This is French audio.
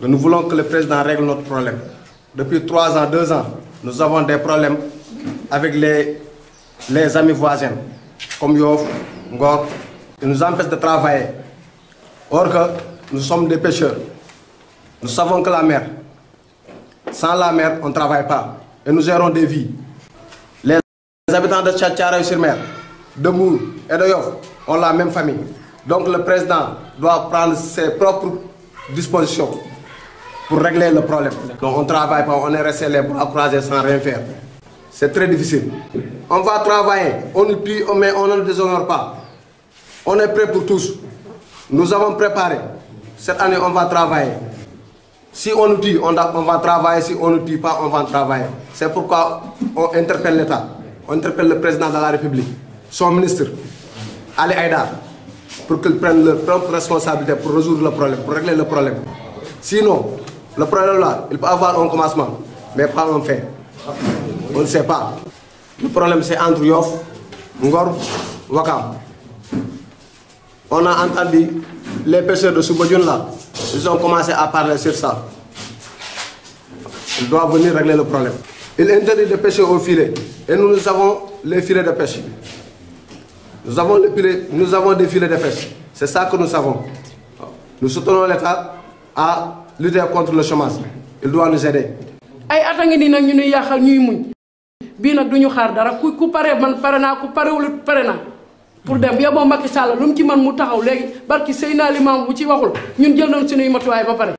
Nous voulons que le président règle notre problème. Depuis trois ans, deux ans, nous avons des problèmes avec les, les amis voisins, comme Yof, Ngor. qui nous empêchent de travailler. Or que nous sommes des pêcheurs. Nous savons que la mer, sans la mer, on ne travaille pas. Et nous gérons des vies. Les habitants de Tchatchara sur mer, de Mou, et de Yof, ont la même famille. Donc le président doit prendre ses propres dispositions pour régler le problème. Donc on ne travaille pas, on est resté les croiser sans rien faire. C'est très difficile. On va travailler, on ne dit, mais on ne déshonore pas. On est prêt pour tous. Nous avons préparé. Cette année, on va travailler. Si on nous dit, on, va travailler. Si on ne dit pas, on va travailler. C'est pourquoi on interpelle l'État. On interpelle le président de la République, son ministre, Ali Aïda. pour qu'il prenne la propre responsabilité pour résoudre le problème, pour régler le problème. Sinon, le problème là, il peut avoir un commencement, mais pas un fin. On ne sait pas. Le problème c'est entre Yoff, Ngor, Wakam. On a entendu les pêcheurs de Soubodioun là, ils ont commencé à parler sur ça. Ils doivent venir régler le problème. Il interdit de pêcher au filet. Et nous, nous avons les filets de pêche. Nous avons, nous avons des filets de pêche. C'est ça que nous savons. Nous soutenons l'État à lu contre le chômage il doit nous aider. ay at a ngi nii nag ñu nuy yàqal ñuy muñ bii nag du ñu xaar dara ku ku paree man pare naa ku parewul pare naa pour dem yow moom Macky Sall lu mu ci man mu taxaw léegi barki Seydina Limamou bu ci waxul ñun jël nañ suñuy matuwaay ba pare.